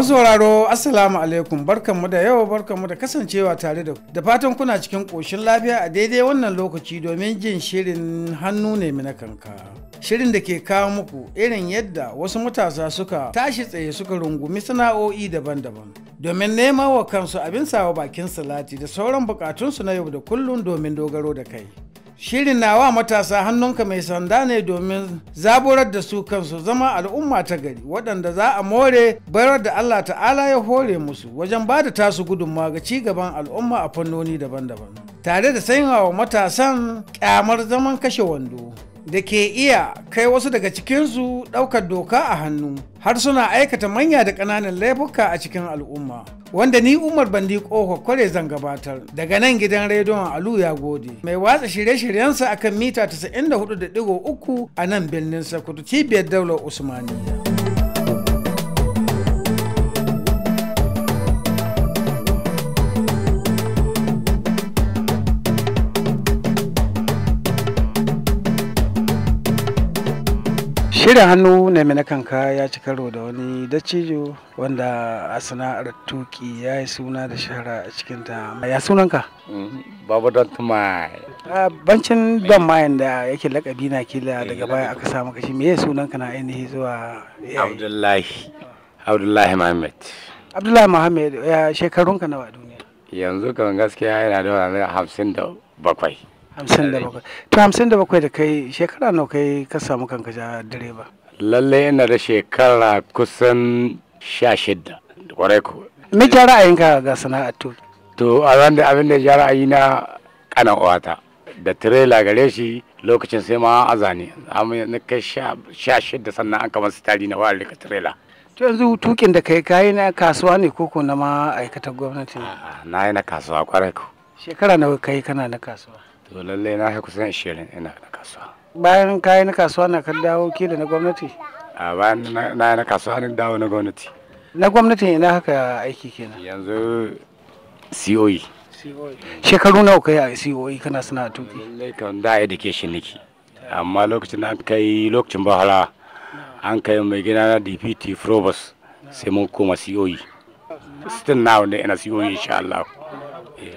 Masu sauraro Assalamu alaikum barkanmu da yau barkanmu da kasancewa tare da fatan kuna cikin ƙoshin lafiya a daidai wannan lokaci domin jin shirin hannu ne na kanka. Shirin da ke kawo muku irin yadda wasu matasa suka tashi tsaye suka rungumi sana'o'i daban-daban domin nema wa kansu abin sawa bakin salati da sauran bukatunsu na yau da kullum domin dogaro da kai. Shirin na wa matasa hannunka mai sanda ne domin zaburar da su kansu zama al'umma ta gari waɗanda za a more barar da Allah ta'ala ya hore musu wajen ba da tasu gudunmawa ga ci gaban al'umma a fannoni daban-daban. Tare da sanyawa matasan kyamar zaman kashe wando. da ke iya kai wasu daga cikinsu ɗaukar doka a hannu har suna aikata manya da ƙananan laifuka a cikin al'umma wanda ni umar bandi ƙofa kware zan gabatar daga nan gidan rediyon alu ya gode mai watsa shirye-shiryensa akan mita 94.3 a nan birnin sokoto cibiyar daular usmaniya shirin hannu na mai kanka ya ci karo da wani dacijo wanda a sana'ar tuki ya yi suna da shahara a cikinta ya sunanka mm-hmm. babu don tumai bancin don mayan da yake lakabi na kila eh, daga baya aka samu kashi me ya sunanka na ainihi zuwa abdullahi abdullahi muhammad abdullahi muhammad shekarunka wa duniya yanzu kan gaskiya yana da hamsin da bakwai 57 da direba lalle ina da shekara kusan me ja ra'ayinka ga sana'ar a ran da abin da ja ra'ayina kanan uwata da tirela gare shi lokacin sai ma azani na kai sha shidda sannan an kama tari na wa ka tirela to yanzu tukin da kai kayi na kasuwa ne koko na aikatar gwamnati na yi na kasuwa kwarai ko shekara nawa kai kana na kasuwa to lallai na haka kusan ishirin ina na kasuwa bayan kayan na kasuwa na kan dawo kila na gwamnati a bayan na na kasuwa na dawo na gwamnati na gwamnati ina haka aiki kenan yanzu COE e. shekaru nawa kai a COE kana suna tuki lallai kan da education niki amma lokacin an kai lokacin bahara an kai mai gina na DPT Probus sai mun koma COE sitin na wanda ina COE insha Allah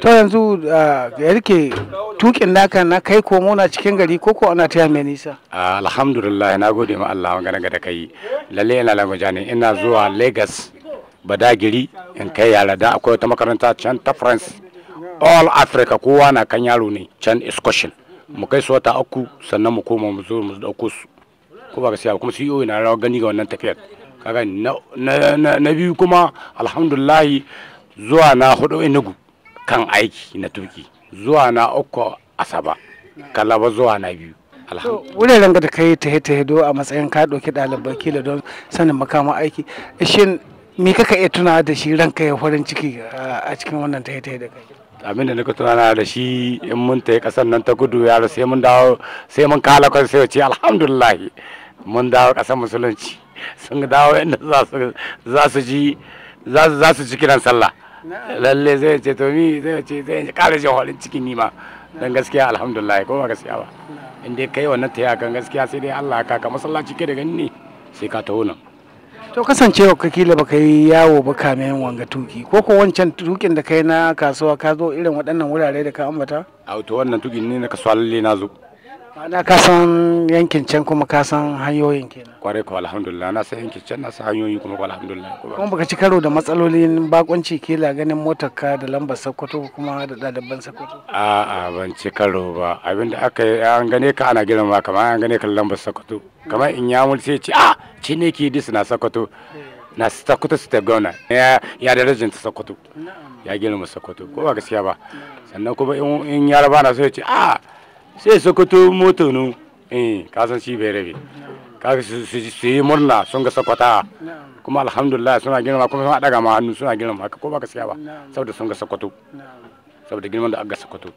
to yanzu da ah, yake tukin naka na kai ko muna cikin gari ko ko ana taya mai nisa ah, alhamdulillah na gode ma Allah wanga daga kai lalle ina lamu jani ina zuwa Lagos Badagiri in kai yara da akwai wata makaranta can ta France all Africa kowa na kan yaro ne can excursion mu kai su wata uku sannan mu koma mu zo mu dauko su ko ba gaskiya kuma CEO na rawa gani ga wannan tafiyar kaga na biyu kuma alhamdulillah zuwa na hudu enugu kan aiki na tuki zuwa na uku asaba kalaba zuwa na biyu ranga da kai ta ta hido a matsayin ka ɗauki ɗalibai kila don sanin makaman aiki shin me kaka iya tunawa da shi ranka ya farin ciki a cikin wannan ta ta da kai abin da nika tunana da shi in mun ta kasar nan ta gudu yaro sai mun dawo sai mun kala kwan sai ce alhamdulillah mun dawo kasar musulunci sun dawo inda za su ji za su ji kiran sallah lallai zai ce to mi zai ce zai kare jin halin cikin nima dan gaskiya alhamdulillah ko ba gaskiya ba in dai kai wannan taya kan gaskiya sai dai Allah ka ka masallaci ke da gani ne sai ka taho nan to kasancewa ka kila baka yi yawo ba kamen wanga tuki ko ko wancan tukin da kai na kasuwa ka zo irin waɗannan wurare da ka ambata a to wannan tukin ne na kasuwa lalle na zo ana ka san yankin can kuma ka san hanyoyin kenan kware ko alhamdulillah na san yankin can na san hanyoyi kuma alhamdulillah kuma baka ci karo da matsalolin bakunci kila ganin motar ka da lambar sakoto kuma da ɗaliban sakoto. a'a ban ci karo ba abinda aka yi an gane ka ana girma kamar an gane ka lambar sakoto kamar in ya mulce ce a ah, ci ne ki dis na sakoto eh. na sakoto su ta gona ya da rajin ta sakkwato ya girma sakoto ko ba gaskiya ba sannan kuma in yaraba na so ya ce a ah, sai sokoto moto nu eh ka san shi bai rabe kaga su yi murna sun ga sakwata kuma alhamdulillah suna girma kuma suna daga ma hannu suna girma haka ko ba siya ba saboda sun ga sakwato saboda girman da aga sakwato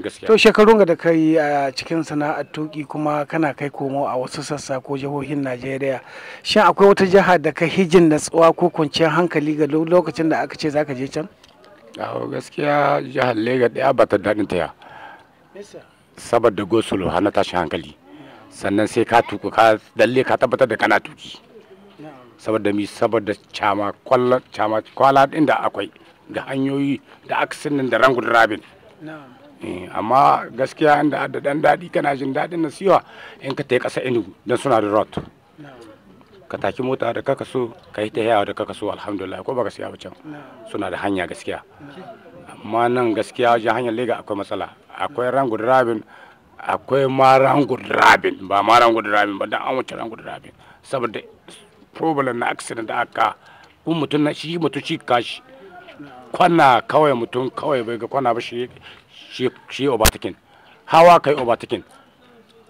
gaskiya to shekarun da kai a cikin sana'ar toki kuma kana kai komo a wasu sassa ko jihohin Najeriya shin akwai wata jiha da ka hijin natsuwa ko kwanciyar hankali ga lokacin da aka ce zaka je can gaskiya jihar Lagos ɗaya ba ta daɗin ta ya saboda da gosulo na tashi hankali sannan sai ka tuku ka dalle ka tabbatar da kana tuki saboda mi saboda chama kwala chama kwala din da akwai ga hanyoyi da aksinin da rangu rabin eh, amma gaskiya inda da dan daɗi kana jin daɗin nasiwa in ka tai kasa inugu dan suna da rot ka taki mota da kaka so ka yi ta yawa da kaka so alhamdulillah ko baka siya ba suna da hanya gaskiya amma nan gaskiya wajen hanyar lega akwai matsala akwai rangu rabin akwai ma rangu rabin ba ma rangu rabin ba dan an wuce rangu rabin saboda problem na accident da aka kun mutum na shi mutum shi kashi kwana kawai mutum kawai bai ga kwana ba shi shi obatikin hawa kai obatikin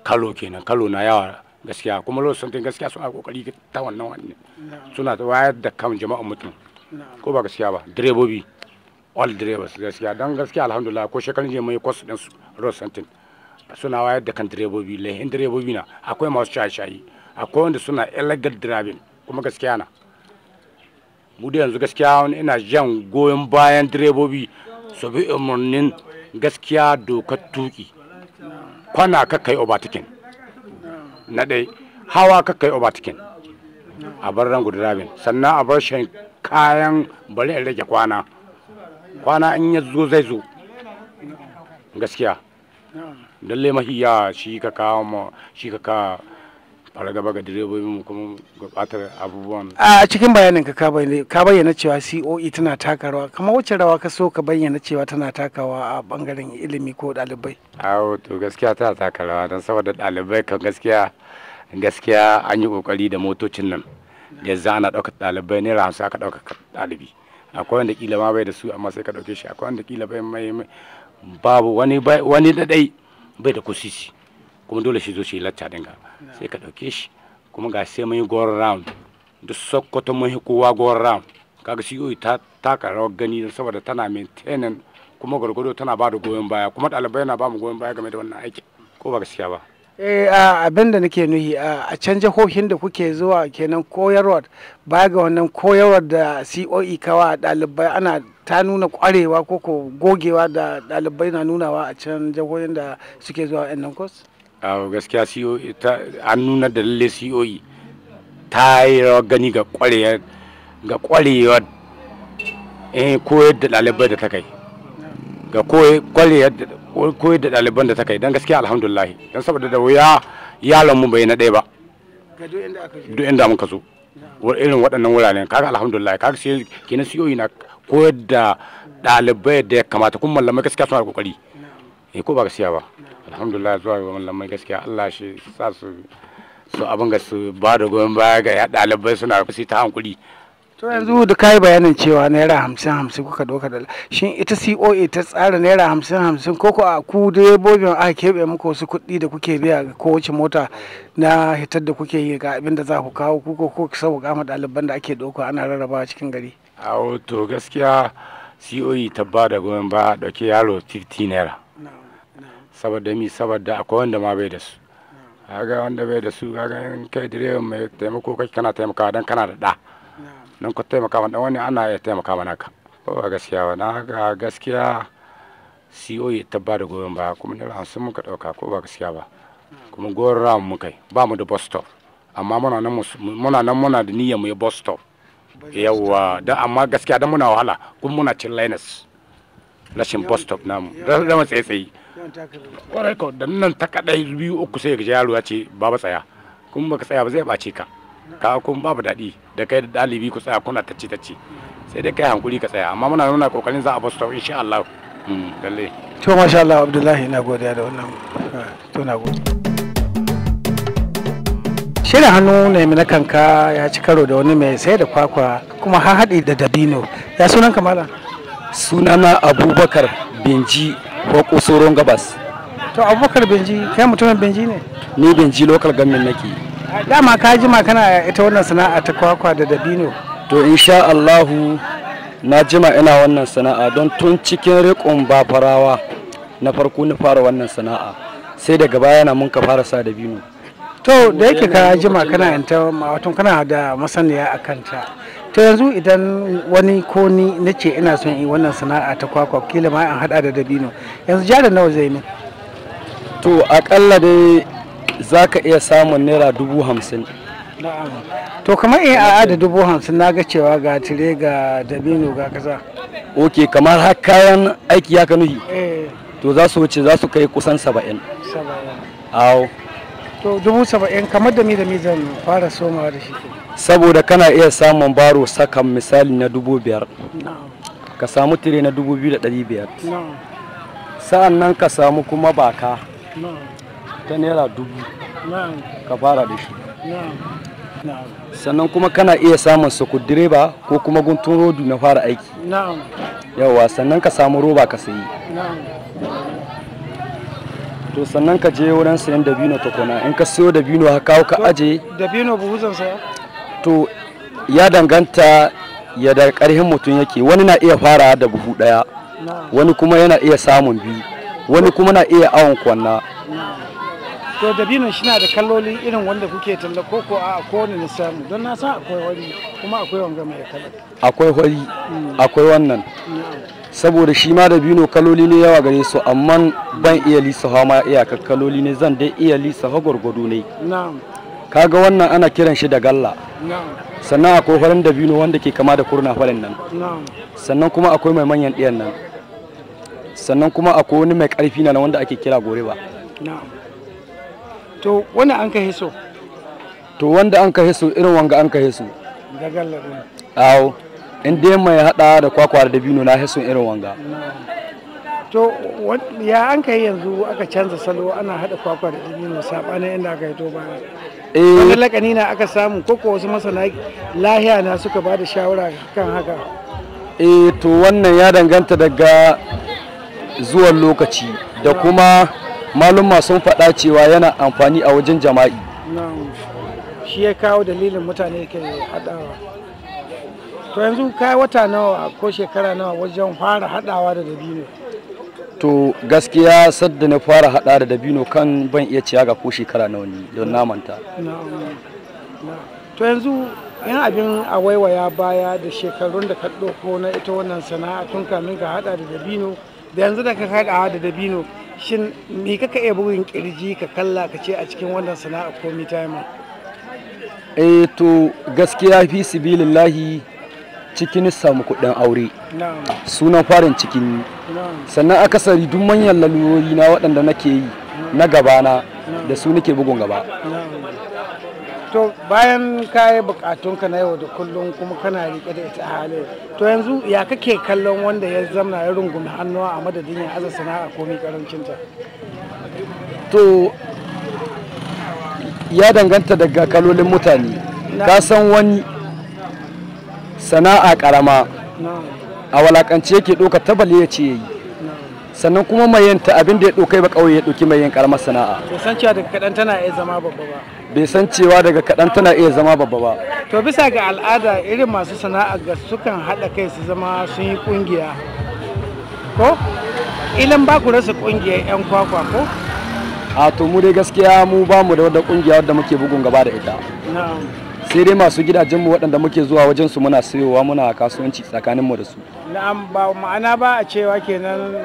kalo kenan kalo na yawa gaskiya kuma lokacin sun gaskiya suna kokari ta wannan wannan suna wayar da kan jama'a mutum ko ba gaskiya ba direbobi all drivers gaskiya don gaskiya alhamdulillah ko shekarun jiya mai kwas din road sentin suna wayar da kan direbobi lahin direbobi na akwai masu shaye-shaye akwai wanda suna illegal driving kuma gaskiya na mu da yanzu gaskiya ina jan goyon bayan direbobi su bi umarnin gaskiya dokar tuki kwana ka kai obatikin na dai hawa ka kai obatikin a bar rangu driving sannan a bar shan kayan bari in rage kwana kwana in ya zo zai zo gaskiya dalle mahiya shi ka kawo shi ka fara fargaba ga direbobin kuma gabatar abubuwan a cikin bayanin ka ka bayyana cewa COE tana taka rawa kamar wacce rawa ka so ka bayyana cewa tana takawa a bangaren ilimi ko dalibai A'a to gaskiya tana taka rawa don saboda dalibai kan gaskiya gaskiya an yi kokari da motocin nan da za ana ɗaukar dalibai naira hamsin aka ɗaukar dalibi akwai wanda kila ma bai da su amma sai ka dauke shi akwai wanda kila bai mai babu wani wani dai bai da kusici kuma dole shi zo shi lacca dinga sai ka dauke shi kuma ga sai mai yi go round duk sokoto mai kowa go round kaga CEO e ta taka rawar gani saboda tana maintaining kuma gargado tana ba da goyon baya kuma ɗalibai na ba mu goyon baya game da wannan aikin ko ba gaskiya ba Eh, abin da nake nuhi a can jihohin da kuke zuwa kenan koyarwa ba ga wannan koyarwa da coe kawa dalibai ana ta nuna kwarewa ko ko gogewa da dalibai na nunawa a can jihohin da suke zuwa yan kos a gaskiya coe an nuna da lalle coe ta yi rawar gani ga kwarewar ga eh, koyar da dalibai da ta kai ga koyar da koyar da ɗaliban da ta kai don gaskiya alhamdulillah don saboda da wuya yalon mu bai na ɗaya ba duk inda muka zo irin waɗannan wuraren kaga alhamdulillah kaga sai kenan siyoyi na koyar da ɗalibai da ya kamata kuma mallamai gaskiya suna kokari eh ko ba gaskiya ba alhamdulillah zuwa ga mallamai gaskiya Allah shi sa su su abin ga su ba da goyon baya ga ɗalibai suna su ta hankuri to yanzu da kai bayanin cewa naira hamsin hamsin kuka doka da shin ita coa ta tsara naira hamsin hamsin ko ku a ku direbobin a keɓe muku wasu kuɗi da kuke biya ga kowace mota na hitar da kuke yi ga abin da za ku kawo ku ko ku sau ga ɗaliban da ake doka ana rarrabawa cikin gari a to gaskiya coe ta ba da goyon ba dauke yaro 50 naira saboda mi saboda akwai wanda ma bai da su kaga wanda bai da su kaga kai direban mai taimako kai kana taimakawa dan kana da da don ku taimaka ma wani ana iya taimaka mana ka ba gaskiya ba na ga gaskiya CEO ya e tabba da goyon ba kuma naira hamsin muka dauka ko ba gaskiya ba kuma goyon ram muka yi ba mu da bus stop amma muna nan muna da niyyar mu yi bus stop yawa da amma gaskiya da muna wahala kuma muna cin linus rashin bus stop namu da mu tsaye kwarai ko da nan ta kadai biyu uku sai ga yaro ya ce baba tsaya kuma baka tsaya ba zai ɓace ka ka kun babu daɗi da kai da ɗalibi ku tsaya kuna tacce tacce sai dai kai hankuri ka tsaya amma muna nuna kokarin za a basu tau insha Allah hmm, lalle to masha Allah Abdullahi ina godiya da wannan ah, to na gode shirin hannu ne na kanka ya ci karo da wani mai sai da kwakwa kuma har haɗi da dabino ya sunan kamala sunana abubakar binji ko kusoron gabas to abubakar benji kai mutumin benji ne ni benji local government nake dama ka jima kana ita wannan sana'a ta kwakwa da dabino to insha Allahu na jima ina wannan sana'a don tun cikin riƙon bafarawa na farko na fara wannan sana'a sai daga baya na mun ka fara sa dabino to da yake ka jima kana yanta wato kana da masaniya a kanta to yanzu idan wani ko ni na ce ina son yi wannan sana'a ta kwakwa kila ma an hada da dabino yanzu jarin nawa zai ne to akalla dai za ka iya samun naira dubu hamsin to kamar a da dubu hamsin na ga cewa ga tire ga dabino ga kaza ok kamar har kayan aiki ya ka nuhi eh. to za su wuce za su kai kusan saba'in awo to dubu saba'in kamar da mi da mi zan fara soma da shi saboda kana iya samun baro sakan misali na dubu biyar ka samu tire na dubu biyu da ɗari biyar sa'an nan ka samu kuma baka ta naira dubu ka fara da shi sannan kuma kana iya samun direba ko kuma guntun rodu na fara aiki yawa sannan ka samu roba ka sayi to sannan ka je wurin sayan dabino ta kona in ka siyo dabino ka kawo ka aje dabino buhu zan saya to ya danganta ya da karhin mutum yake wani na iya fara da buhu daya wani kuma yana iya samun biyu wani kuma na iya awon kwanna to dabino shi na da kalloli irin wanda kuke talla ko ko a kowane na samu don na san akwai wani kuma akwai wanga mai kala akwai hori mm. akwai wannan saboda shi ma dabino kaloli ne yawa gare su amma ban iya lisa hawa ma iyakar kaloli ne zan dai iya lisa hawa gwargwado ne kaga wannan ana kiran shi da galla sannan akwai farin dabino wanda ke kama da kurna falin nan sannan kuma akwai mai manyan ɗiyan nan sannan kuma akwai wani mai ƙarfi na wanda ake kira goreba to wani an ka hiso to wanda an ka hiso irin wanga an ka hiso awo in dai mai hada da kwakwa da dabino na hiso irin wanga to ya an kai yanzu aka canza salo ana hada kwakwa da dabino sabana inda aka hito ba eh wani lakani na aka samu koko wasu masana lahiya na suka bada shawara kan haka eh to wannan ya danganta daga zuwan lokaci da kuma Malumma sun faɗa cewa yana amfani a wajen jama'i shi ya kawo dalilin mutane ke haɗawa to yanzu kai wata nawa ko shekara nawa wajen fara haɗawa da dabino to gaskiya sadda na fara haɗa da dabino kan ban iya ciya ga ko shekara nawa ne don namanta to yanzu yan abin a waiwaya baya da shekarun da ka ɗauko na ita wannan sana'a tun kamin ka haɗa da dabino da yanzu da ka haɗa da dabino shin me kaka iya bugun kirji ka kalla ka ce a cikin wannan sana'a ko mi time eh to gaskiya fi sibilillahi cikin samu kuɗin aure sunan farin cikin sannan akasari duk manyan lalurori na waɗanda nake yi na gabana da su nake bugun gaba to bayan kayi yi bukatunka na yau da kullum kuma kana rike da ita hali to yanzu ya kake kallon wanda ya zamna ya rungumi hannuwa a madadin ya aza sana'a karancin ta to ya danganta daga kalolin mutane ka san wani sana'a karama a walakance yake ɗauka tabali ya ce ya sannan kuma mai yanta abin da ya ɗaukai ba ƙauye ya ɗauki mai yin ƙaramar sana'a bai san cewa daga kaɗan tana iya zama babba ba bai san cewa daga kaɗan tana iya zama babba ba to bisa ga al'ada irin masu sana'a ga sukan haɗa kai su zama sun yi ƙungiya ko ilan ba ku rasa ƙungiyar 'yan kwakwa ko a to mu dai gaskiya mu ba mu da wadda kungiya wadda muke bugun gaba da ita sai dai masu gidajenmu waɗanda muke zuwa wajen su muna sayowa muna kasuwanci tsakaninmu da su na'am ba ma'ana ba a cewa kenan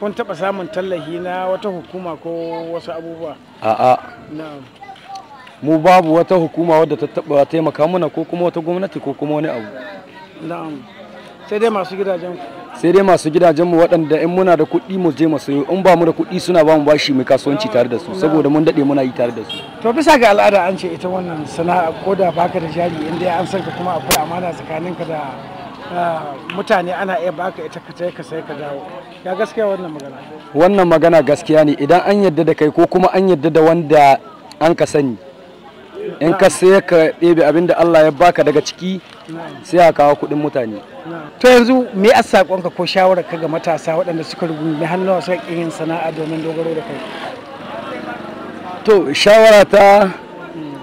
kun taɓa samun tallafi na wata hukuma ko wasu abubuwa a'a mu babu wata hukuma wadda ta taɓa taimaka mana ko kuma wata gwamnati ko kuma wani abu na'am sai dai masu gidajen sai dai masu gidajen mu waɗanda in muna da kuɗi mu je mu sayo in ba mu da kuɗi suna ba mu bashi mai kasuwanci tare da su saboda mun daɗe muna yi tare da su to bisa ga al'ada an ce ita wannan sana'a ko da baka da jari inda an san ka kuma akwai amana tsakaninka da Ah, mutane ana iya baka ita ka ka sai ka dawo ya gaskiya wannan magana wannan magana gaskiya ne idan an yadda da kai ko kuma an yadda da wanda an ka sani in ka sai ka ɗebe abin da Allah ya baka daga ciki sai a kawo kuɗin mutane to yanzu me a saƙonka ko shawarar ka ga matasa waɗanda suka rubuta hannuwa suka ƙin yin sana'a domin dogaro da kai to shawara ta hmm.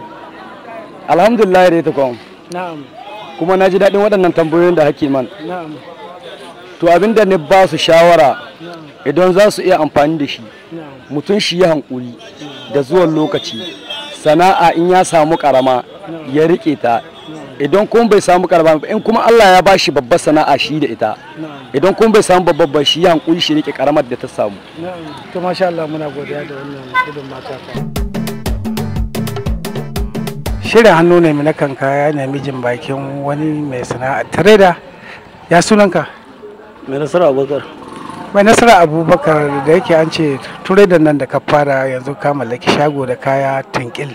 alhamdulillah dai ta kwan na'am kuma na ji daɗin waɗannan tambayoyin da hake man to abin da ni ba su shawara idan za su iya amfani da shi mutum shi ya hankuri da zuwan lokaci sana'a in ya samu karama ya riƙe ta idan kuma bai samu karama ba in kuma Allah ya bashi babbar sana'a shi da ita idan kuma bai samu babbar ba shi ya hankuri shi riƙe karamar da ta samu to masha Allah muna godiya da wannan shirya hannu ne na kanka ya na mijin bakin wani mai sana'a trader ya sunanka mai nasara abubakar mai nasara abubakar da yake an ce da nan da ka fara yanzu ka mallaki shago da kaya tankil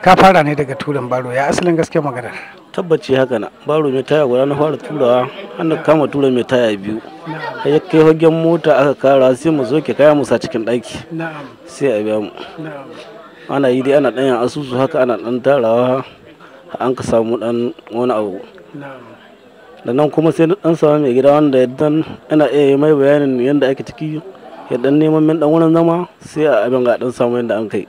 ka fara ne daga turin baro ya asalin gaske maganar tabbaci haka na baro mai taya guda na fara turawa an kama tura mai taya biyu ya kai hagen mota aka kara sai mu zo ke kaya musa cikin ɗaki sai a biya mu ana yi dai ana ɗanyan asusu haka ana ɗan tarawa an ka samu ɗan wani abu da nan kuma sai ɗan samu mai gida wanda yadda ana iya yi mai bayanin yadda ake ciki yadda neman min ɗan wurin zama sai a abin ga ɗan samu yadda an kai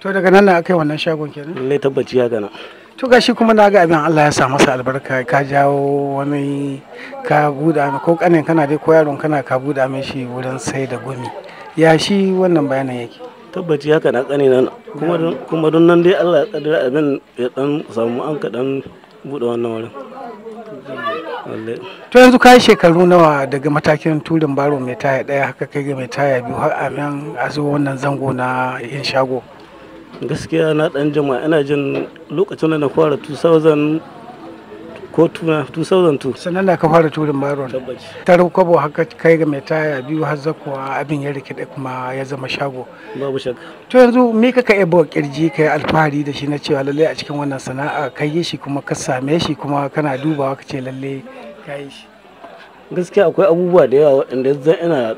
to daga nan na aka yi wannan shagon kenan lallai tabbaci ya gana to gashi kuma na ga abin Allah ya sa masa albarka ka jawo wani ka buɗa ko kanin kana dai ko yaron kana ka buɗa mai shi wurin sai da gumi ya shi wannan bayanin yake tabbaci haka na kane nan kuma don nan dai allah ya kadira abin ya dan samu an ka bude wannan wurin to yanzu kai shekaru nawa daga matakin turin baro mai taya daya haka kai ga mai taya biyu har amin a zo wannan zango na yin shago gaskiya na dan jama'a ina jin lokacin da na fara zan. ko tuna tu sannan da ka fara turin maron ta kwabo haka kai ga mai taya biyu har zakwa abin ya rikide kuma ya zama shago babu shakka to yanzu me kaka iya bawa kirji kai alfahari da shi na cewa lalle a cikin wannan sana'a kai yi shi kuma ka same shi kuma kana dubawa ka ce lalle kai shi gaskiya akwai abubuwa da yawa waɗanda zan ina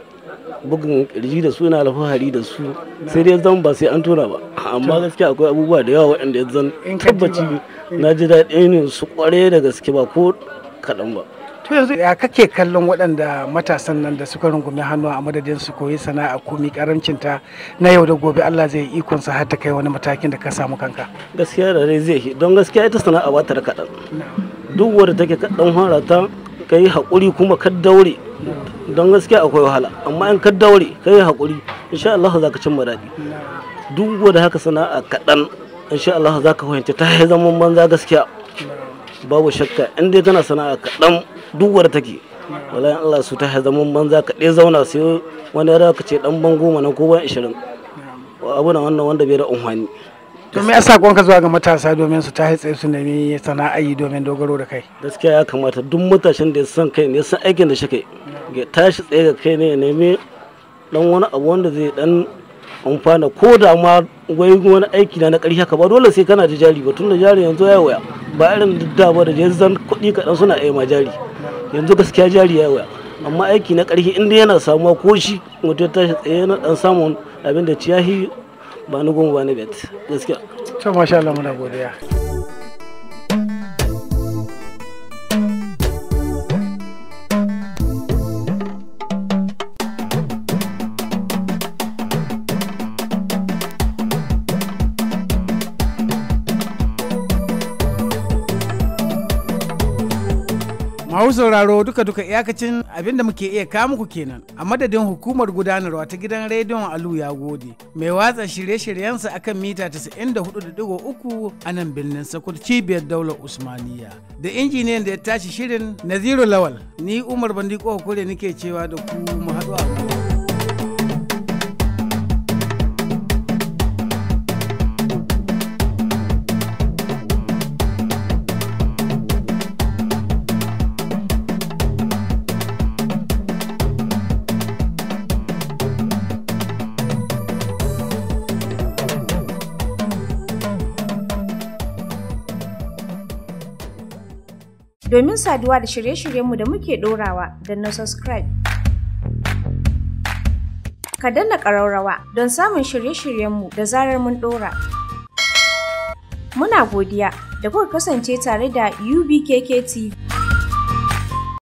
bugun kirji da su yana alfahari da su sai dai zan ba sai an tura ba amma gaskiya akwai abubuwa da yawa waɗanda ya zan tabbaci na ji daɗi su kware da gaske ba ko kaɗan ba to yanzu ya kake kallon waɗanda matasan nan da suka rungumi hannu a madadin su koyi sana'a komi karancin ta na yau da gobe Allah zai ikon sa har ta kai wani matakin da ka samu kanka gaskiya da dai zai don gaskiya ita sana'a ba ta kaɗan duk wanda take kaɗan fara ta kai haƙuri kuma ka daure don gaskiya akwai wahala amma in ka daure ka yi haƙuri insha Allah za ka cimma daɗi duk da haka sana'a kaɗan insha Allah za ka fahimci ta yi zaman banza gaskiya babu shakka in dai kana sana'a kaɗan duk da take wallahi Allah su ta yi zaman banza ka ɗaya zauna sai wani ya ka ce ɗan ban goma ko ban ishirin abu na wannan wanda bai da unhwani to me yasa ka zuwa ga matasa domin su tashi tsaye su nemi sana'a yi domin dogaro da kai gaskiya ya kamata duk matashin da ya san kai ne san aikin da shi kai ya tashi tsaye da kai ne ya nemi dan wani abu wanda zai dan amfana ko da ma wai wani aiki na na ƙarshe haka ba dole sai kana da jari ba tun da jari yanzu ya waya ba irin da ba da zan kuɗi kaɗan suna iya ma jari yanzu gaskiya jari ya waya amma aiki na ƙarshe inda yana samuwa ko shi mutum ya tashi tsaye na dan samun abin da ciyahi ba ni gungu ba ni bet gaskiya to masha Allah muna godiya Masu sauraro duka-duka iyakacin abinda muke iya kawo muku kenan a madadin hukumar gudanarwa ta gidan rediyon Alu ya gode mai watsa shirye-shiryensa akan mita 94.3 a nan birnin sakur cibiyar daular Usmaniya da injiniyan da ya tashi shirin Naziru Lawal ni Umar Bandiko kore nike cewa da ku mu haɗu a domin saduwa da shirye-shiryenmu da muke ɗorawa da na subscribe. Ka danna ƙaraurawa don samun shirye-shiryenmu da zarar mun ɗora. Muna godiya da kuka kasance tare da UBKK TV.